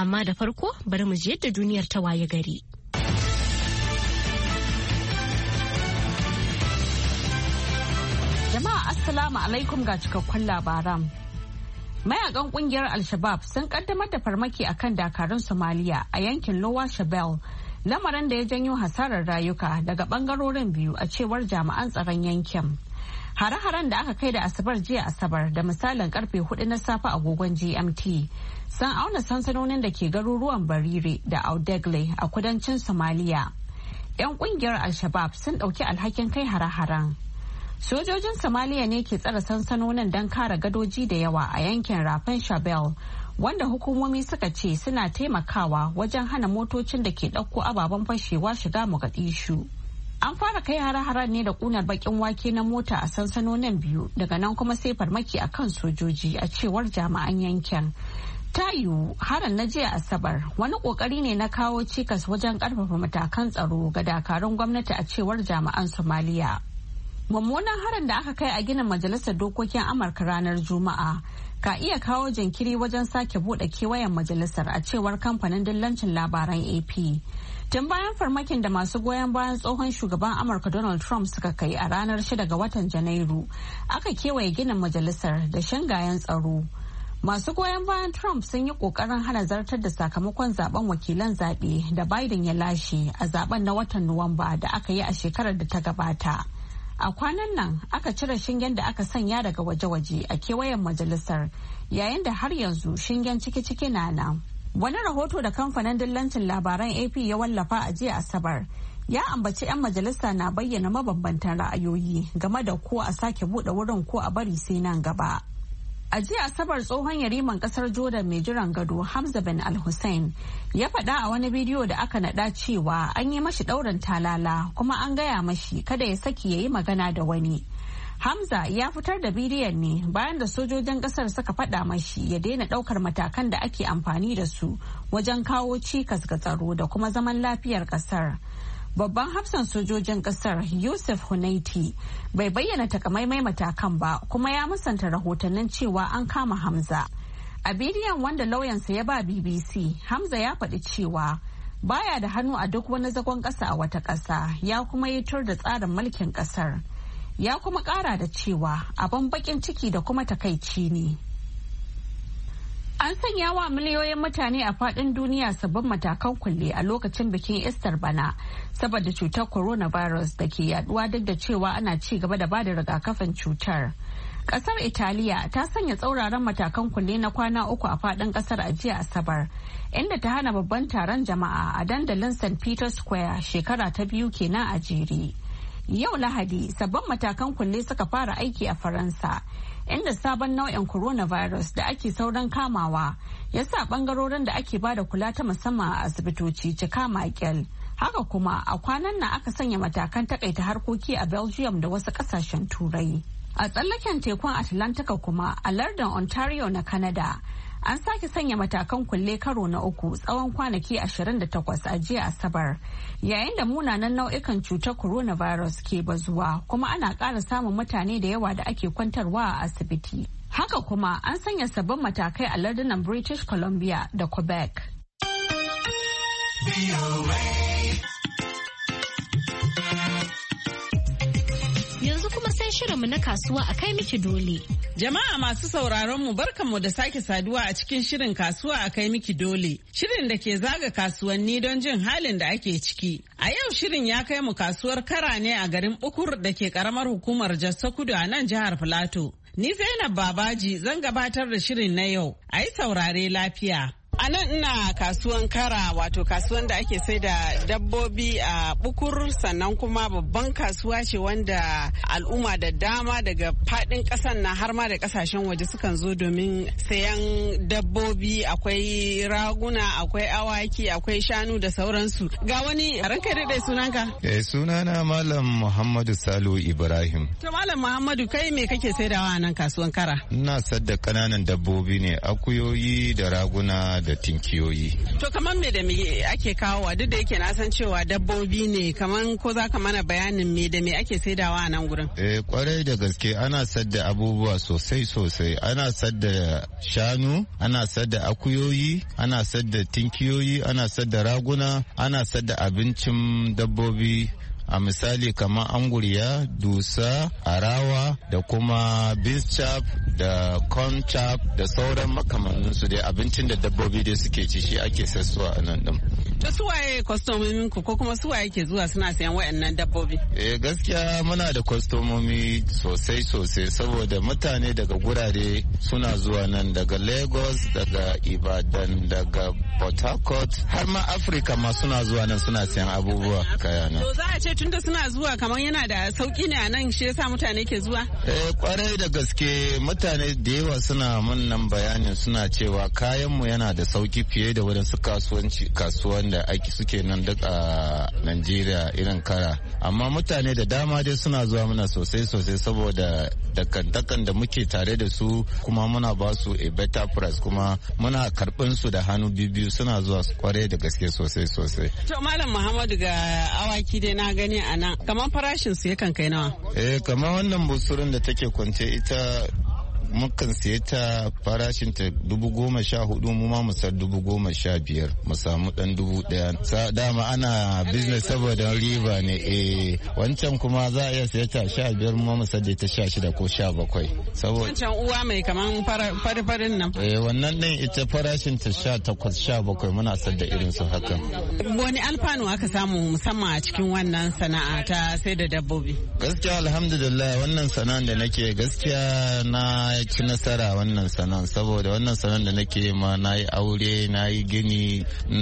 Amma da farko bari mu je yadda duniyar ta waye gari. Jama'a Assalamu alaikum ga cikakkun labaran. Mayakan kungiyar Alshabab sun kaddamar da farmaki akan dakarun Somalia a yankin Lowa Shabelle. lamarin da ya janyo hasarar rayuka daga bangarorin biyu a cewar jami'an tsaron yankin. Hare-haren da aka kai da Asabar jiya Asabar da misalin karfe hudu na safe agogon GMT sun auna sansanonin da ke garuruwan Barire da Audegle a kudancin Somalia. 'Yan kungiyar Alshabab sun ɗauki alhakin kai hare-haren. Sojojin Somalia ne ke tsare sansanonin don kare gadoji da yawa a yankin Rafin Shabelle wanda hukumomi suka ce suna taimakawa wajen hana motocin da ke ɗauko ababen fashewa shiga Mogadishu. An fara kai hare-haren ne da kunar bakin wake na mota a sansanonin biyu daga nan kuma sai farmaki a kan sojoji a cewar jami'an yankin. Ta yiwu harin na jiya Asabar wani kokari ne na kawo cikas wajen karfafa matakan tsaro ga dakarun gwamnati a cewar jami'an Somaliya. mummunan harin da aka kai a ginin majalisar dokokin amurka ranar juma'a ka iya kawo jinkiri wajen sake bude kewayen majalisar a cewar kamfanin dillancin labaran ap tun bayan farmakin da masu goyon bayan tsohon shugaban amurka donald trump suka kai a ranar 6 ga watan janairu aka kewaye ginin majalisar da shingayen tsaro masu goyon bayan trump sun yi kokarin hana zartar da sakamakon zaben wakilan zaɓe da biden ya lashe a zaben na watan nuwamba da aka yi a shekarar da ta gabata a kwanan nan aka cire shingen da aka sanya daga waje-waje a kewayen majalisar yayin da har yanzu shingen ciki-ciki na nan wani rahoto da kamfanin dillancin labaran ap ya wallafa a jiya asabar ya ambaci 'yan majalisa na bayyana mabambantan ra'ayoyi game da ko a sake buɗe wurin ko a bari sai nan gaba A jiya Asabar tsohon yariman kasar Jordan mai jiran gado Hamza bin Al-Hussein ya faɗa a wani bidiyo da aka naɗa cewa an yi mashi ɗaurin talala kuma an gaya mashi kada ya saki ya yi magana da wani. Hamza ya fitar da bidiyon ne bayan da sojojin kasar suka faɗa mashi ya daina ɗaukar matakan da ake amfani da su wajen kawo cikas ga tsaro da kuma zaman lafiyar kasar. babban hafsan sojojin kasar yusuf hunaiti bai bayyana takamaimai matakan ba kuma ya musanta rahotannin cewa an kama hamza a bidiyon wanda lauyansa ya ba bbc hamza ya faɗi cewa baya da hannu a duk wani zagon ƙasa a wata ƙasa ya kuma yi tur da tsarin mulkin ƙasar ya kuma ƙara da cewa abin baƙin ciki da kuma takaici ne An sanya wa miliyoyin mutane a faɗin duniya sabbin matakan kulle a lokacin bikin Easter bana saboda cutar coronavirus da ke yaduwa duk da cewa ana ci gaba da bada rigakafin cutar. Kasar Italiya ta sanya tsauraran matakan kulle na kwana uku a faɗin kasar a jiya Asabar, inda ta hana babban taron jama'a a dandalin St. Peter Square shekara ta biyu kenan a jiri Yau Lahadi, sabbin matakan kulle suka fara aiki a Faransa. inda sabon nau'in coronavirus da ake sauran kamawa ya sa bangarorin da ake bada kula ta musamman a asibitoci cika makel haka kuma a kwanan nan aka sanya matakan takaita harkoki a belgium da wasu kasashen turai a tsallaken tekun atlantika kuma a lardin ontario na canada an sake sanya matakan kulle karo na uku tsawon kwanaki 28 a jiya asabar yayin da munanan nau'ikan cutar coronavirus ke bazuwa kuma ana ƙara samun mutane da yawa da ake kwantarwa a asibiti haka kuma an sanya sabbin matakai a lardunan british columbia da quebec yanzu kuma sai shirinmu na kasuwa a kai miki dole Jama'a masu sauraron mu barkanmu da sake saduwa a cikin shirin kasuwa a kai miki dole. Shirin da ke zaga kasuwanni don jin halin da ake ciki. A yau shirin ya kai mu kasuwar kara ne a garin Bukur da ke karamar hukumar Jos Kudu a nan jihar Filato. Ni Zainab Babaji zan gabatar da shirin na yau. A yi saurare lafiya. A nan ina kasuwan kara wato kasuwan da ake sai da dabbobi a bukur sannan kuma babban kasuwa ce wanda al'umma da dama daga fadin kasan na har ma da kasashen waje sukan zo domin sayan dabbobi akwai raguna akwai awaki akwai shanu da sauransu. Ga wani ranka dai sunanka? Eh sunana Malam Muhammadu Salo Ibrahim. To Malam Muhammadu kai me kake saidawa a nan kasuwan kara? Ina sadda kananan dabbobi ne akuyoyi da raguna da tinkiyoyi. To kamar me da me ake kawowa duk da yake na san cewa dabbobi ne kaman ko za ka mana bayanin me da me ake saidawa a nan gurin. Eh kwarai da gaske ana sadda abubuwa sosai sosai ana sadda shanu ana sadda akuyoyi ana sadda tinkiyoyi ana sadda raguna ana sadda abincin dabbobi a misali kamar anguriya dusa arawa da kuma chap da chap da sauran makamanninsu dai abincin da dabbobi dai suke ci shi ake sassuwa a nan din to suwaye kwastomomin ku ko kuma suwaye ke zuwa suna sayan wayannan dabbobi eh gaskiya muna da kwastomomi sosai sosai saboda mutane daga gurare suna zuwa nan daga lagos daga ibadan daga port harcourt har ma afirka ma suna zuwa nan suna sayan abubuwa kaya nan to za a ce tunda suna zuwa kamar yana da sauki ne a nan shi yasa mutane ke zuwa? Eh kwarai da gaske mutane da yawa suna mun nan bayanin suna cewa kayan mu yana da sauki fiye da wadansu kasuwanci kasuwan da aiki suke nan duk a Najeriya irin kara. Amma mutane da dama dai suna zuwa mana sosai sosai saboda Dakan dakan da muke tare da su kuma muna ba su a better price kuma muna karɓin su da hannu biyu suna zuwa su kware da gaske sosai sosai. To Malam Muhammadu ga awaki dai na gani a nan kamar farashin su yakan kai nawa? Eh kamar wannan busurin da take kwance ita mukan siye ta farashin ta dubu goma sha hudu mu ma musar dubu goma sha biyar mu samu dan dubu daya sa dama ana business saboda riba ne eh wancan kuma za a iya siye ta sha biyar mu ma musar da ta sha shida ko sha bakwai saboda wancan uwa mai kaman fari-farin nan eh wannan din ita farashin ta sha takwas sha bakwai muna da irin su hakan wani alfanu aka samu musamman a cikin wannan sana'a ta sai da dabbobi gaskiya alhamdulillah wannan sana'a da nake gaskiya na na ci nasara wannan sanan saboda wannan sanan da nake ma na yi aure na yi gini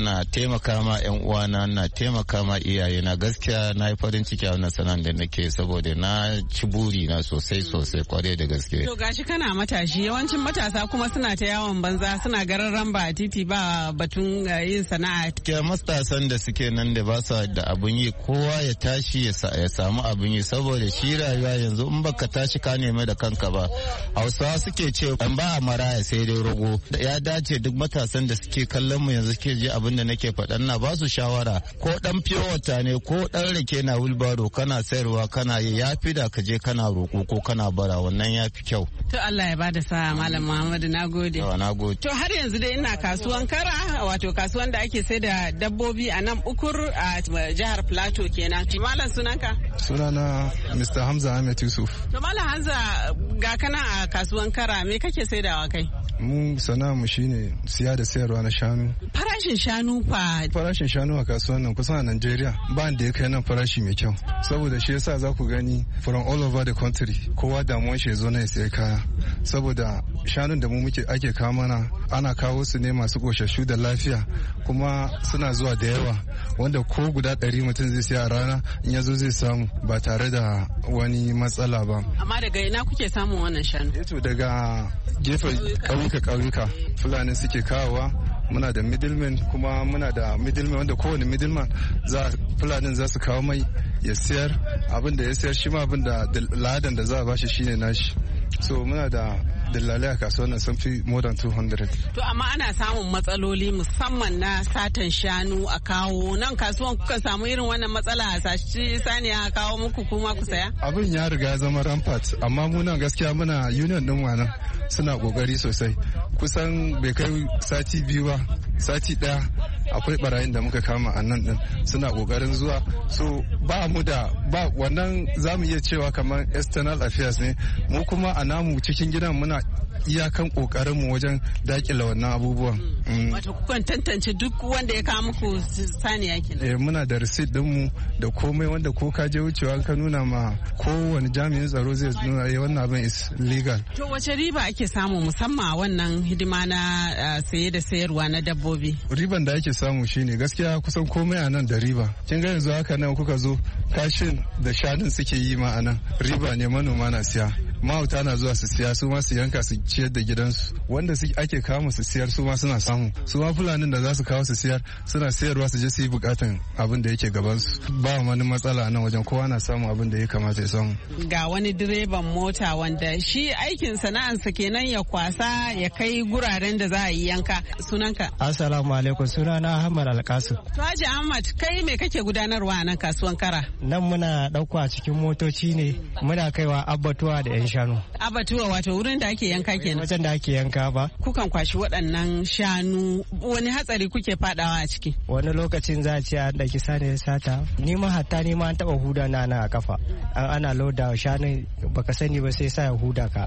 na taimaka ma yan uwana na taimaka ma iyaye na gaskiya na yi farin ciki a wannan sanan da nake saboda na ci buri na sosai sosai kwarai da gaske. To gashi kana matashi yawancin matasa kuma suna ta yawon banza suna garin ramba a titi ba batun eh, yin sana'a. Ke matasan da suke nan da ba su da abun yi kowa ya tashi ya samu abun yi saboda shi rayuwa yanzu in baka tashi ka nemi da kanka ba. Hausa ba suke ce ban ba a maraya sai dai rogo ya dace duk matasan da suke kallon mu yanzu suke ji abin da nake faɗan na ba su shawara ko dan wata ne ko dan rake na wilbaro kana sayarwa kana yi ya fi da ka je kana roko ko kana bara wannan ya fi kyau to Allah ya bada sa malam Muhammadu nagode gode to har yanzu dai ina kasuwan kara wato kasuwan da ake sai da dabbobi a nan ukur a jihar Plateau kenan malam sunanka sunana Mr Hamza Ahmed Yusuf to malam Hamza ga kana a kasuwa tuwon kara me kake saidawa kai? mu sana'armu shine siya da sayarwa na shanu farashin shanu fa farashin shanu a kasuwan nan kusan a Najeriya ba da ya kai nan farashi mai kyau saboda shi yasa za ku gani from all over the country kowa damuwan shi zo ya sai kaya saboda shanun da mu muke ake kawo mana ana kawo su ne masu koshashu da lafiya kuma suna zuwa da yawa wanda ko guda ɗari mutum zai siya a rana in ya zo zai samu ba tare da wani matsala ba amma daga ina kuke samun wannan shanu eh daga gefen duka ƙauyuka fulani suke kawowa muna da middleman kuma muna da middleman wanda kowane middleman za fulani za su kawo mai ya siyar abin da ya siyar shi ma abin da ladan da za a bashi shine nashi so muna da dillalai a kasuwar sun fi more than 200 to amma ana samun matsaloli musamman na satan shanu a kawo nan kasuwan kuka samu irin wannan matsala a sashi saniya a kawo muku kuma ku saya abin ya riga ya zama rampart amma mu gaskiya muna union din wannan suna kokari sosai kusan bai kai sati biyu ba sati daya akwai barayin da muka kama a nan din suna kokarin zuwa so ba mu da ba wannan za mu iya cewa kamar external affairs ne mu kuma a namu cikin gidan muna iyakan kokarin mu wajen dakila wannan abubuwan mm. wato kukan tantance duk wanda ya kawo muku saniya kenan eh muna da receipt din mu da komai wanda ko ka je wucewa ka nuna ma kowane jami'in tsaro zai nuna eh wannan abin is legal to wace riba ake samu musamman a wannan hidima na saye da sayarwa na dabbobi riban da ake samu shine gaskiya kusan komai a nan da riba kin ga yanzu haka nan kuka zo kashin da shanun suke yi ma a nan riba ne manoma na siya mahauta na zuwa su siya su ma su yanka su ciyar da gidansu wanda su ake kawo su siyar su ma suna samu su ma fulanin da za su kawo su siyar suna sayarwa su je su yi bukatan abin da yake gabansu ba wani matsala nan wajen kowa na samu abin da ya kamata ya samu ga wani direban mota wanda shi aikin sana'ansa kenan ya kwasa ya kai guraren da za a yi yanka sunanka assalamu alaikum sunana ahmad alkasu taji ahmad kai me kake gudanarwa a nan kasuwan kara nan muna dauko a cikin motoci ne muna kaiwa abatuwa da yan shanu abatuwa wato wurin da ake yanka kenan wajen da ake yanka ba kukan kwashi waɗannan shanu wani hatsari kuke fadawa a ciki wani lokacin za a ce an daki sani sata ni ma hatta ni ma an taba huda na a kafa an ana loda shanu baka sani ba sai sa ya huda ka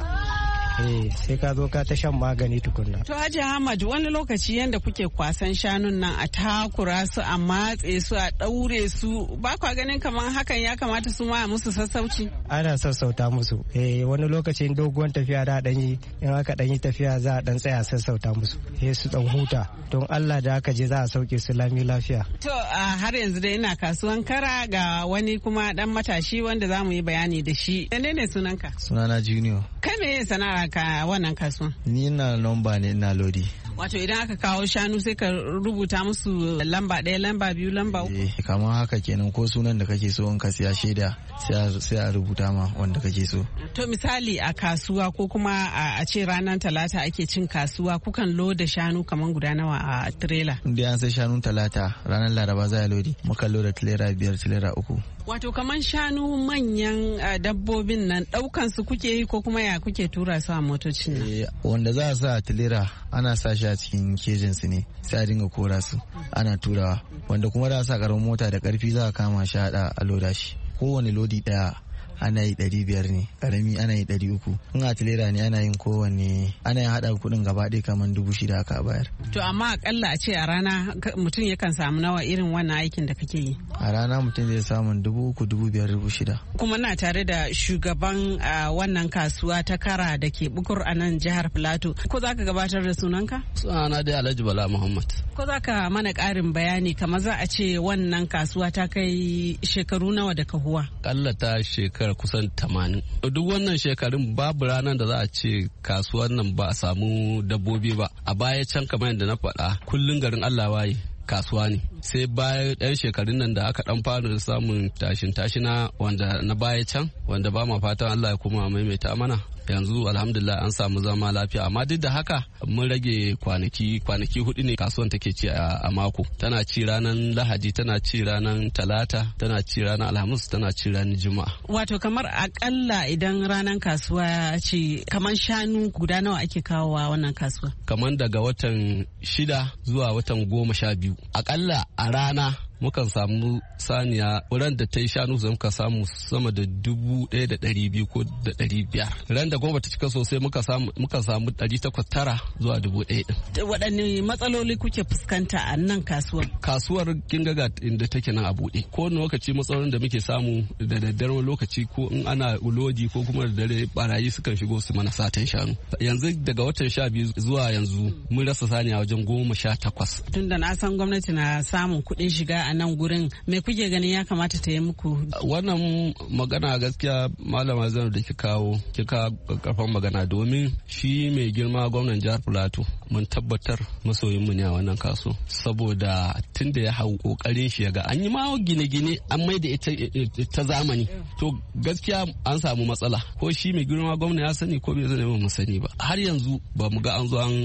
Eh, sai ka zo ka ta shan magani tukunna to Haji Ahmad wani lokaci yanda kuke kwasan shanun nan a takura su a matse su a daure su ba kwa ganin kamar hakan ya kamata su ma musu sassauci ana sassauta musu eh wani lokacin doguwan tafiya da dan yi in aka dan yi tafiya za a dan tsaya sassauta musu eh su dan huta don Allah da aka je za a sauke su lami lafiya to har yanzu dai ina kasuwan kara ga wani kuma dan matashi wanda za yi bayani da shi ne sunanka sunana junior kai me sana'a ka wannan kaso? Ni na lamba ne ina lodi. Wato idan aka kawo shanu sai ka rubuta musu lamba ɗaya lamba biyu lamba uku. Eh kamar haka kenan ko sunan da kake so in ka siya shaida sai a rubuta ma wanda kake so. To misali a kasuwa ko kuma a ce ranar talata ake cin kasuwa kukan loda shanu kamar guda nawa a trailer. Inda an sai shanun talata ranar laraba za a lodi muka loda trailer biyar trailer uku. Wato kamar shanu manyan eh, dabbobin nan daukan su kuke yi ko kuma ya kuke tura su a motocin nan? Eh, wanda za a sa a tilera ana sa shi a cikin kejin su ne sai a dinga kora su ana turawa wanda kuma za a sa karamin mota da karfi za a kama shi a loda shi kowane lodi daya ana yi ɗari biyar ne ƙarami ana yi ɗari uku in tilera ne ana yin kowanne ana yin haɗa kuɗin gaba ɗaya kamar dubu shida aka bayar. to amma akalla a ce a rana mutum yakan samu nawa irin wannan aikin da kake yi. a rana mutum zai samu dubu uku dubu biyar dubu shida. kuma na tare da shugaban wannan kasuwa ta kara da ke bukur a nan jihar filato ko za ka gabatar da sunanka. sunana dai alhaji bala muhammad. ko za ka mana ƙarin bayani kamar za a ce wannan kasuwa ta kai shekaru nawa da kahuwa. kalla ta shekaru shekara kusan tamanin duk wannan shekarun babu ranar da za a ce kasuwar nan ba a samu dabbobi ba a baya can kamar yadda na faɗa kullum garin allah waye kasuwa ne sai baya ɗan shekarun nan da aka ɗan fara samun tashin tashina wanda na baya can wanda ba ma fatan allah ya kuma maimaita mana yanzu alhamdulillah an samu zama lafiya amma duk da haka mun rage kwanaki kwanaki hudu ne kasuwan take ci a mako tana ci ranar lahadi tana ci ranar talata tana ci ranar alhamis tana ci ranar juma'a wato kamar akalla idan ranar kasuwa ce kamar shanu guda nawa ake kawowa wannan kasuwa kamar daga watan shida zuwa watan goma sha biyu akalla a rana mukan samu saniya ran da ta yi shanu zai muka samu sama da dubu ɗaya da ɗari biyu ko da ɗari biyar ran da goma ta cika sosai muka samu dari ɗari takwas tara zuwa dubu ɗaya ɗin. waɗanne matsaloli kuke fuskanta a nan kasuwar. kasuwar gingaga inda take nan a buɗe ko wani lokaci matsalolin da muke samu da daddare lokaci ko in ana lodi ko kuma da dare barayi sukan shigo su mana satan shanu yanzu daga watan sha biyu zuwa yanzu mun rasa saniya wajen goma sha takwas. tunda na san gwamnati na samun kuɗin shiga a nan gurin me kuke ganin ya kamata ta yi muku wannan magana gaskiya malama zan da kika kawo kika karfan magana domin shi mai girma gwamnan jihar plateau mun tabbatar masoyin mu ne a wannan kaso saboda tun da ya hau kokarin shi ga an yi ma gine-gine an mai da ita zamani to gaskiya an samu matsala ko shi mai girma gwamna ya sani ko bai zai mu sani ba har yanzu ba mu ga an zo an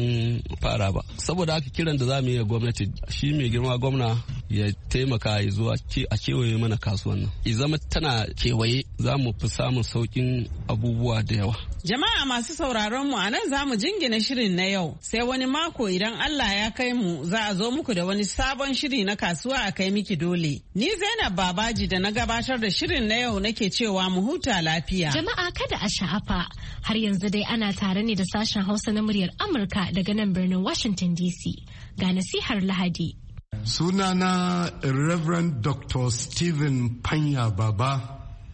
fara ba saboda haka kiran da za mu yi gwamnati shi mai girma gwamna ya taimaka ya zo a kewaye mana kasuwan nan i zama tana kewaye za mu fi samun sauƙin abubuwa da yawa Jama'a masu sauraron mu a nan za mu jingina shirin na yau sai wani mako idan Allah ya kai mu za a zo muku da wani sabon shiri na kasuwa a kai miki dole. Ni Zainab Babaji da na gabatar da shirin na yau nake cewa mu huta lafiya. Jama'a kada a sha'afa har yanzu dai ana tare ne da sashen Hausa na muryar Amurka daga nan birnin Washington DC ga nasihar Lahadi. Sunana Reverend Dr. Stephen Panya Baba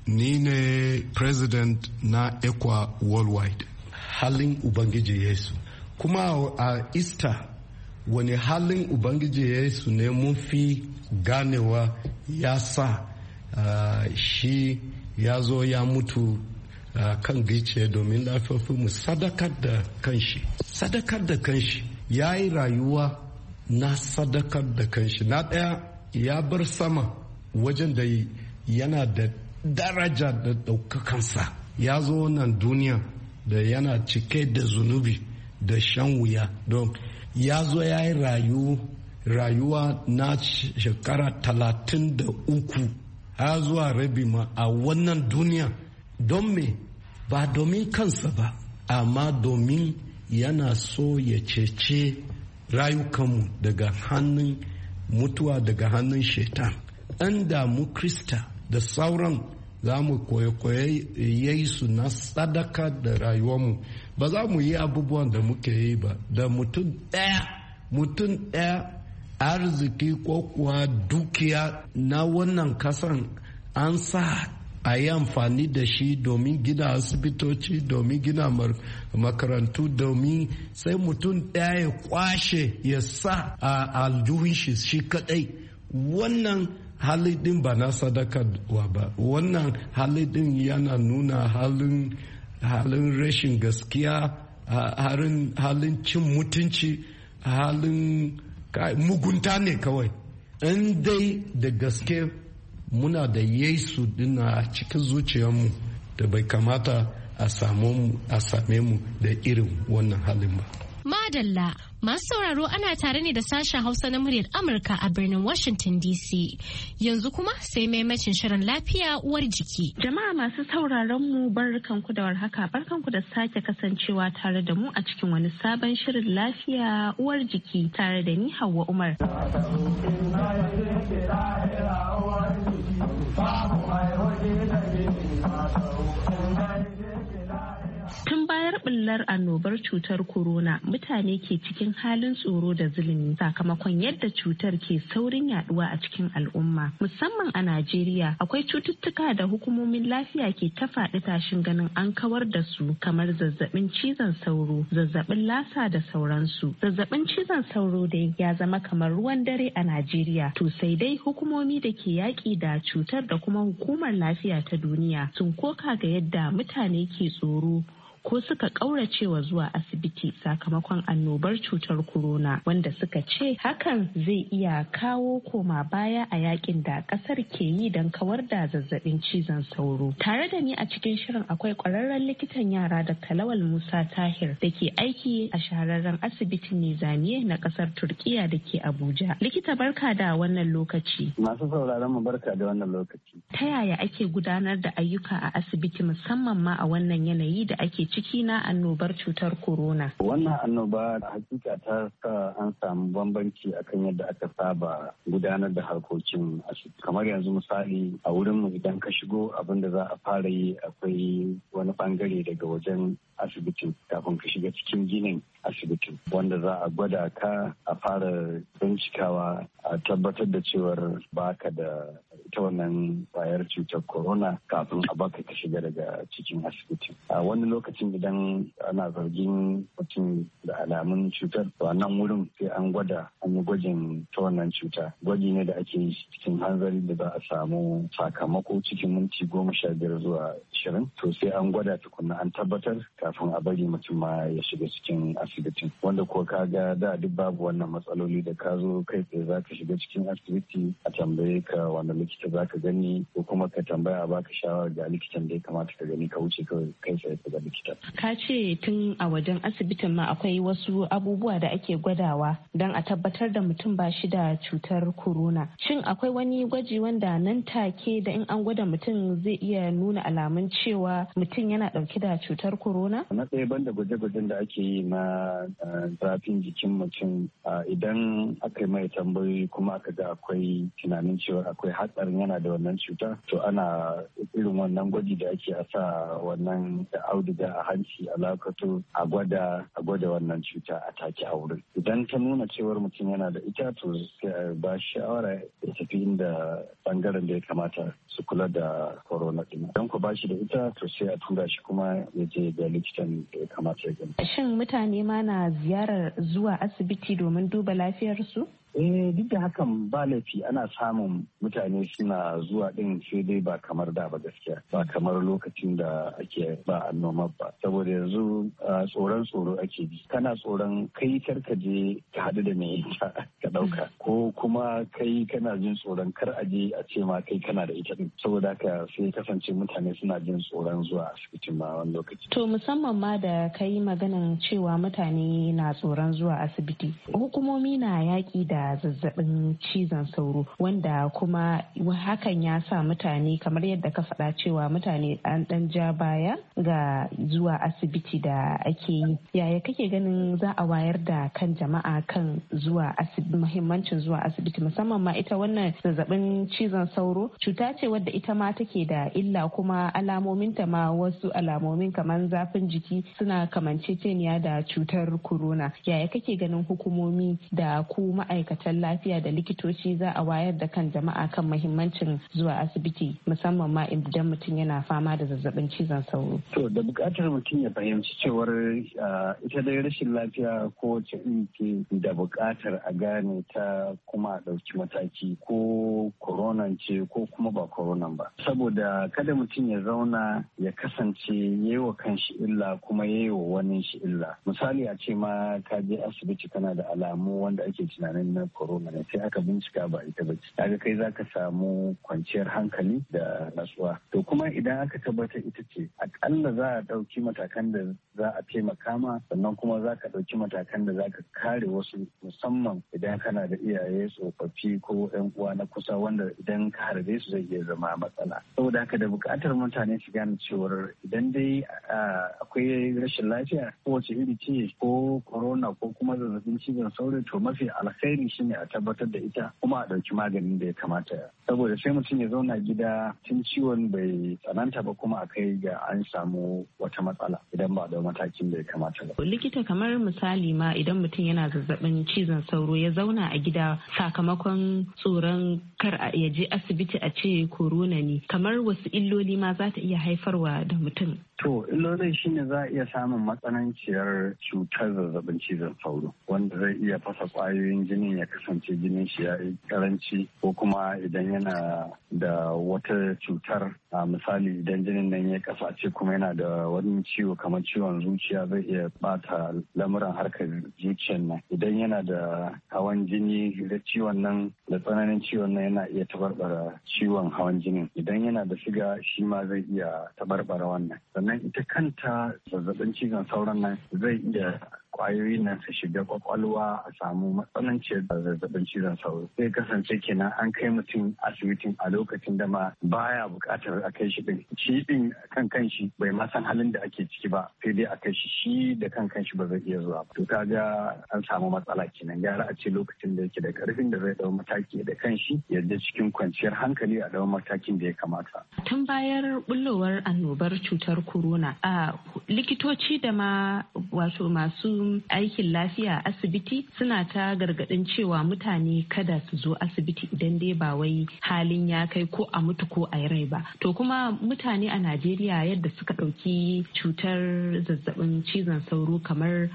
ni ne president na equa Worldwide. Halin Ubangiji Yesu. Kuma a Easter wani halin Ubangiji Yesu ne mun fi ganewa ya sa uh, shi ya zo ya mutu uh, kan gice domin lafiyofinmu sadakar da kanshi. Sadakar da kanshi ya yi rayuwa na sadakar da kanshi na ɗaya ya bar sama wajen da yana da daraja da ɗaukakansa ya zo nan duniya da yana cike da zunubi da shan wuya don ya zo ya yi rayuwa na shekara talatin da uku har zuwa rabi ma a wannan duniya don me ba domin kansa ba amma domin yana so ya cece rayukanmu daga hannun mutuwa daga hannun shaitan an damu krista da sauran za mu koye su na sadaka da rayuwarmu ba za mu yi abubuwan da muke yi ba da mutum ɗaya mutum ɗaya arziki ko kuwa dukiya na wannan kasan an sa a yi amfani da shi domin gina asibitoci domin gina makarantu domin sai mutum ɗaya ya kwashe ya sa a aljuhun shi shi kadai wannan hali ba na sadakarwa ba wannan hali yana nuna halin halin rashin gaskiya halin cin mutunci halin mugunta ne kawai in dai da gaske muna da yesu dina cikin zuciyarmu da bai kamata a same mu da irin wannan halin ba. Madalla masu sauraro ana tare ne da sashen Hausa na muryar Amurka a birnin Washington DC. Yanzu kuma sai maimacin shirin lafiya uwar jiki. Jama'a masu sauraron mu barkanku da warhaka barkanku da sake kasancewa tare da mu a cikin wani sabon shirin lafiya uwar jiki tare da ni Hauwa Umar. 把不爱喝的饮料都扔掉。Tun bayar bullar annobar cutar corona mutane ke cikin halin tsoro da zulumi sakamakon yadda cutar ke saurin yaduwa a cikin al'umma. Musamman a Najeriya akwai cututtuka da hukumomin lafiya ke ta faɗi tashin ganin an kawar da su kamar zazzabin cizon sauro, zazzabin lasa da sauransu. Zazzabin cizon sauro dai ya zama kamar ruwan dare a Najeriya to sai dai hukumomi da ke yaƙi da cutar da kuma hukumar lafiya ta duniya sun koka ga yadda mutane ke tsoro ko suka ƙauracewa zuwa asibiti sakamakon annobar cutar corona wanda suka ce hakan zai iya kawo koma baya a yakin da ƙasar ke yi don kawar da zazzabin cizon sauro. Tare da ni a cikin shirin akwai ƙwararren likitan yara da Talawal Musa Tahir da ke aiki a shahararren asibitin Nizamiye na ƙasar Turkiya da ke Abuja. Likita barka da wannan lokaci. Masu sauraron mu barka da wannan lokaci. Ta yaya ake gudanar da ayyuka a asibiti musamman ma a wannan yanayi da ake ciki? ciki na annobar cutar corona. Wannan annoba hakika ta sa an samu bambanci akan yadda aka saba gudanar da harkokin asibiti. Kamar yanzu misali a wurinmu idan ka shigo abin da za a fara yi akwai wani bangare daga wajen asibitin kafin ka shiga cikin ginin asibitin wanda za a gwada ka a fara bincikawa a tabbatar da cewar baka da ita wannan kwayar cutar corona kafin a baka ka shiga daga cikin asibiti a wani lokacin idan ana zargin mutum da alamun cutar to nan wurin sai an gwada an yi gwajin ta wannan cuta gwaji ne da ake yi cikin hanzari da za a samu sakamako cikin minti goma sha biyar zuwa ashirin to sai an gwada tukunna an tabbatar kafin a bari mutum ma ya shiga cikin asibitin wanda ko ka ga da duk babu wannan matsaloli da ka zo kai tsaye za ka shiga cikin asibiti a tambaye ka wanda likita likita za ka gani ko kuma ka tambaya ba ka shawarar ga likitan da ya kamata ka gani ka wuce kawai kai tsaye ka ga likita. Ka ce tun a wajen asibitin ma akwai wasu abubuwa da ake gwadawa don a tabbatar da mutum ba shi da cutar corona. Shin akwai wani gwaji wanda nan take da in an gwada mutum zai iya nuna alamun cewa mutum yana ɗauke da cutar corona? Na ban banda gwaje-gwajen da ake yi na eh, zafin jikin mutum ah, idan aka yi mai tambayoyi kuma aka ga akwai tunanin cewa akwai hatsari yaron yana da wannan cuta to ana irin wannan gwaji da ake a sa wannan auduga a hanci a lakato a gwada a gwada wannan cuta a take a wurin idan ta nuna cewar mutum yana da ita to sai a ba shawara ya tafi inda bangaren da ya kamata su kula da corona din idan ku ba da ita to sai a tura shi kuma ya je ga likitan da ya kamata ya gani shin mutane ma na ziyarar zuwa asibiti domin duba lafiyarsu Eh duk da hakan ba laifi ana samun mutane suna zuwa ɗin sai dai ba kamar da ba gaskiya ba kamar lokacin da ake ba noma ba saboda yanzu tsoron tsoro ake bi kana tsoron kai karka je ka hadu da mai ka ɗauka ko kuma kai kana jin tsoron kar a je a ce ma kai kana da ita ɗin saboda haka sai kasance mutane suna jin tsoron zuwa asibitin ma wani lokaci. To musamman ma da kai maganan cewa mutane na tsoron zuwa asibiti hukumomi na yaƙi da da zazzabin cizon sauro wanda kuma hakan ya sa mutane kamar yadda ka faɗa cewa mutane an ɗan ja baya ga zuwa asibiti da ake yi yaya kake ganin za a wayar da kan jama'a kan zuwa asibiti muhimmancin zuwa asibiti musamman ma ita wannan zazzabin cizon sauro cuta ce wadda ita ma take da illa kuma alamominta ma wasu alamomin kamar zafin jiki suna kamance kamanceceniya da cutar corona yaya kake ganin hukumomi da ku ma'aikata ma'aikatan lafiya da likitoci za a wayar da kan jama'a kan mahimmancin zuwa asibiti musamman ma idan mutum yana fama da zazzabin cizon sauro. To da bukatar mutum ya fahimci cewar ah, ita dai rashin lafiya ko wace ke da bukatar a gane ta kuma a ɗauki mataki ko koronan ce ko kuma ba koronan ba. Saboda kada mutum ya zauna ya kasance ya yi wa kanshi illa kuma ya wa wani shi illa. Misali a ce ma ka je asibiti kana da alamu wanda ake tunanin na corona ne sai aka bincika ba ita ba ce kaga kai zaka samu kwanciyar hankali da natsuwa to kuma idan aka tabbatar ita ce akalla za a ɗauki matakan da za a taimaka ma sannan kuma za ka ɗauki matakan da za ka kare wasu musamman idan kana da iyaye tsofaffi ko 'yan uwa na kusa wanda idan ka harbe su zai iya zama matsala saboda haka da bukatar mutane su gane cewar idan dai akwai rashin lafiya kowace iri ce ko corona ko kuma zazzabin cizon sauri to mafi alkhairi shi shine a tabbatar da ita kuma a ɗauki maganin da ya kamata saboda sai mutum ya zauna gida tun ciwon bai tsananta ba kuma a kai ga an samu wata matsala idan ba da matakin da ya kamata ba. likita kamar misali ma idan mutum yana zazzabin cizon sauro ya zauna a gida sakamakon tsoron kar a yaje asibiti a ce korona ne kamar wasu illoli ma za ta iya haifarwa da mutum to illolin shine za a iya samun matsananciyar cutar zazzabin cizon sauro wanda zai iya fasa kwayoyin jinin ya kasance jinin shi ya yi karanci ko kuma idan yana da wata cutar a ah, misali idan jinin nan ya ce kuma yana da wani ciwo kamar ciwon zuciya zai iya bata lamuran harkar zuciyar nan idan yana da hawan jini da ciwon nan da tsananin ciwon nan yana iya tabarbara ciwon hawan jinin idan yana da shiga shi ma zai iya tabarbara wannan sannan ita kanta zazzabin cizon sauran nan zai iya kwayoyin nan su shiga kwakwalwa a samu matsananciyar zazzabin cizon sauro zai kasance kenan an kai mutum asibitin a lokacin da ma baya buƙatar a kai shi din shi din kan shi bai ma san halin da ake ciki ba sai dai a kai shi shi da kan shi ba zai iya zuwa ba. to kaga an samu matsala kenan gara a ce lokacin da yake da karfin da zai dau mataki da kanshi yadda cikin kwanciyar hankali a dau matakin da ya kamata tun bayar bullowar annobar cutar corona a likitoci da ma wato masu aikin lafiya asibiti suna ta gargaɗin cewa mutane kada su zo asibiti idan dai ba wai halin ya kai ko a mutu ko a rai ba to kuma mutane a najeriya yadda suka ɗauki cutar zazzabin cizon sauro kamar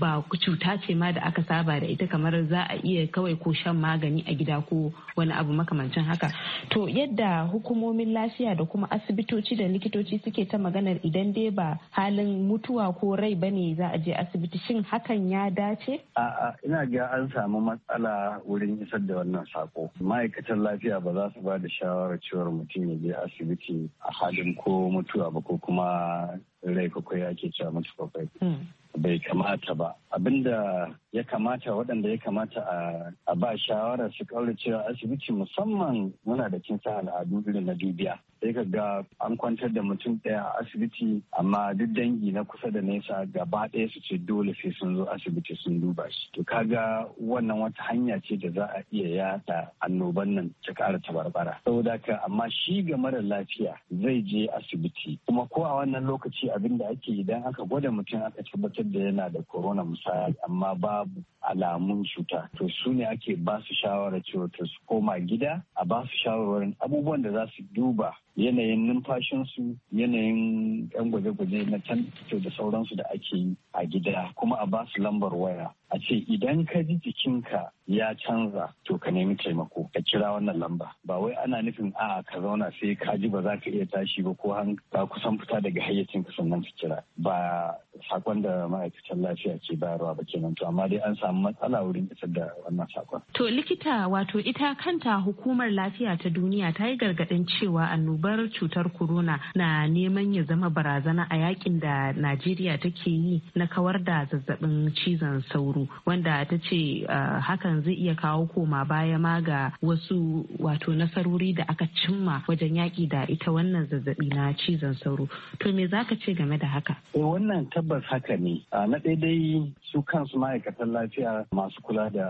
ba cuta ce ma da aka saba da ita kamar za a iya kawai ko shan magani a gida ko wani abu makamancin haka to yadda hukumomin lafiya da kuma asibitoci da likitoci suke ta maganar idan dai ba halin mutuwa ko rai bane za a je asibiti asibiti shin hakan ya dace? A'a ina ga an samu matsala wurin isar da wannan sako. Ma'aikatan lafiya ba za su ba da shawarar cewar mutum ya je asibiti a halin ko mutuwa ba ko kuma rai ya ake cewa mutu kwakwai. Hmm. Bai kamata ba. Abinda ya kamata waɗanda ya kamata a ba shawara su kaurace cewa asibiti musamman muna da kinsa al'adu irin na dubiya. sai ka ga an kwantar da mutum ɗaya a asibiti amma duk dangi na kusa da nesa gaba ɗaya su ce dole sai sun zo asibiti sun duba shi to ga wannan wata hanya ce da za a iya yata annoban nan ta ƙara tabarbara saboda ka amma shi ga mara lafiya zai je asibiti kuma ko a wannan lokaci abin da ake idan aka gwada mutum aka tabbatar da yana da corona misali amma babu alamun cuta to su ne ake ba su shawarar cewa su koma gida a ba su shawarwarin abubuwan da za su duba yanayin numfashinsu yanayin yan gwaje-gwaje na can da sauransu da ake yi a gida kuma a ba su lambar waya a ce idan ka ji jikinka ya canza to ka nemi taimako ka kira wannan lamba ba wai ana nufin a ka zauna sai ka ji ba za ka iya tashi ba ko ka kusan fita daga hayyacinka sannan ka kira ba sakon da ma'aikatan lafiya ke bayarwa ba kenan to amma dai an samu matsala wurin isar da wannan sakon. To likita wato ita kanta hukumar lafiya ta duniya ta yi gargaɗin cewa annobar cutar corona na neman ya zama barazana a yakin da Najeriya take yi na kawar da zazzabin cizon sauro wanda ta ce hakan zai iya kawo koma baya ma ga wasu wato nasarori da aka cimma wajen yaki da ita wannan zazzabi na cizon sauro. To me zaka ce game da haka? Eh, wannan tabbas haka ne. Na daidai dai su kansu ma'aikatan lafiya masu kula da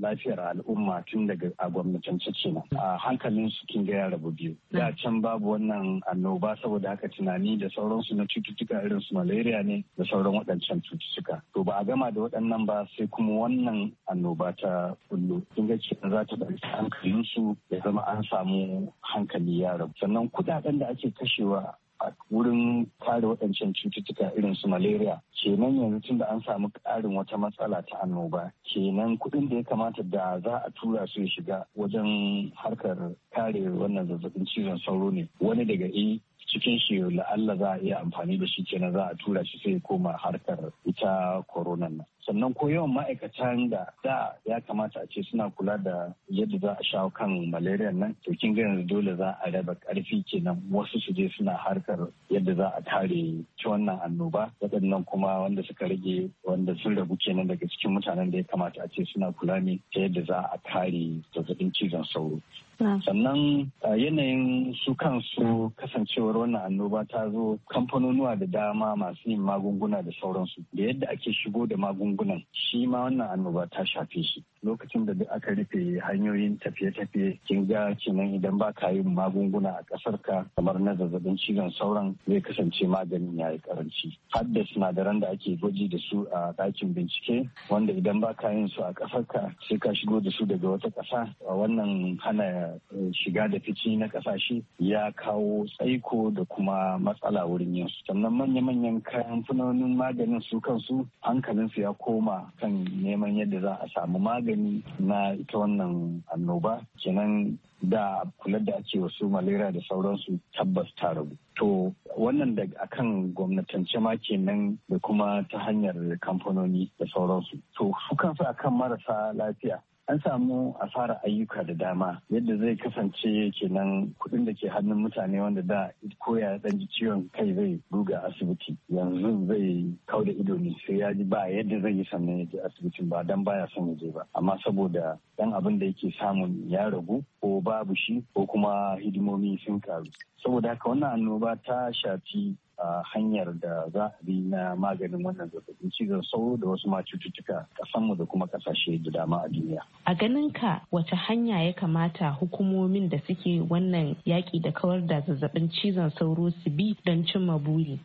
lafiyar al'umma tun daga a gwamnatance kenan a hankalin su kin ga rabu biyu da mm. can babu wannan annoba saboda haka tunani da sauransu na cututtuka irin su malaria ne da sauran waɗancan cututtuka to ba a gama da waɗannan ba sai kuma wannan annoba ta kullu kin ga kenan za ta ɗauki hankalin su ya zama an samu hankali ya rabu. sannan kuɗaɗen da ake kashewa a wurin kare waɗancan cututtuka irin su malaria kenan yanzu tun da an samu ƙarin wata matsala ta annoba kenan kuɗin da ya kamata da za a tura su ya shiga wajen harkar kare wannan zazzabin cizon sauro ne wani daga a eh, cikin shi la'alla za a iya amfani da shi kenan za a tura shi sai koma harkar ita koronan nan sannan ko yawan ma'aikatan da da ya kamata a ce suna kula da yadda za a shawo kan malaria nan to kin ga yanzu dole za a raba karfi kenan wasu su je suna harkar yadda za a tare ci wannan annoba waɗannan kuma wanda suka rage wanda sun rabu kenan daga cikin mutanen da ya kamata a ce suna kula ne ta yadda za a kare zazzabin cizon sauro sannan ah, yanayin su kansu kasancewar wannan annoba ta zo kamfanonuwa da dama masu yin magunguna da sauransu da yadda ake shigo da magungunan shi ma wannan annoba ta shafe shi lokacin da aka rufe hanyoyin tafiye-tafiye kin ga kenan idan ba ka yin magunguna a ƙasar ka kamar na zazzabin cizon sauran zai kasance maganin ya yi karanci har da sinadaran da ake gwaji da su a dakin bincike wanda idan ba ka yin su a ƙasar ka sai ka shigo da su daga wata ƙasa a wannan hana shiga da fici na kasashe ya kawo tsaiko da kuma matsala wurin yin su sannan manya-manyan kayan funonin maganin su kansu hankalinsu ya koma kan neman yadda za a samu magani na ita wannan annoba kenan da kula da ake wasu malera da sauransu tabbas ta rabu. To wannan da akan gwamnatance ma kenan da kuma ta hanyar kamfanoni da sauransu. To su kansu akan marasa lafiya an samu asarar ayyuka da dama yadda zai kasance kenan kudin da ke hannun mutane wanda da koya dan ji ciwon kai zai ruga asibiti yanzu zai kau da ido ne sai ya ji ba yadda zai yi sannan ya je asibitin ba dan baya son ya je ba amma saboda dan abin da yake samun ya ragu ko babu shi ko kuma hidimomi sun karu saboda haka wannan annoba ta shafi hanyar da za a bi na maganin wannan zazzabin cizon sauro da wasu ma cututtuka kasanmu da kuma kasashe da dama a duniya. A ganin ka wace hanya ya kamata hukumomin da suke wannan yaƙi da kawar da zazzabin cizon sauro su bi don cimma buri?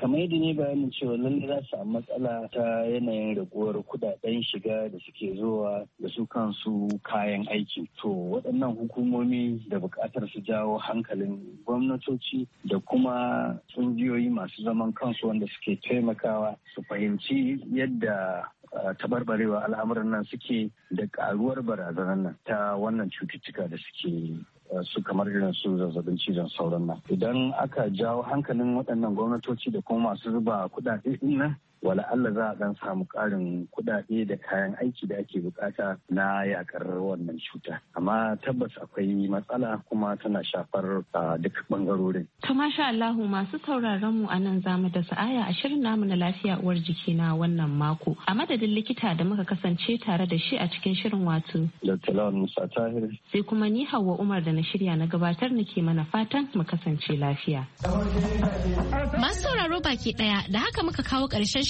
Kamar yadda ne bayanin cewa lallai za su samu matsala ta yanayin raguwar kudaden shiga da suke zuwa da su kansu kayan aiki. To waɗannan hukumomi da buƙatar su jawo hankalin gwamnatoci da kuma ƙungiyoyi ƙungiyoyi masu zaman kansu wanda suke taimakawa su fahimci yadda eh, tabarbarewa al'amuran nan suke da ƙaruwar barazanar nan ta wannan cututtuka da suke eh, su kamar irin su zazzabin cizon sauran nan idan aka jawo hankalin waɗannan gwamnatoci da kuma masu zuba kuɗaɗe nan wala Allah za a dan samu ƙarin kuɗaɗe da kayan aiki da ake bukata na yakar wannan cuta amma tabbas akwai matsala kuma tana shafar duk bangarorin. To masha Allah masu sauraron mu anan zamu da sa'aya a shirin namu na lafiya uwar jiki na wannan mako a madadin likita da muka kasance tare da shi a cikin shirin wato. Sai kuma ni Hauwa Umar da na shirya na gabatar nake mana fatan mu kasance lafiya. Masu sauraro baki daya da haka muka kawo ƙarshen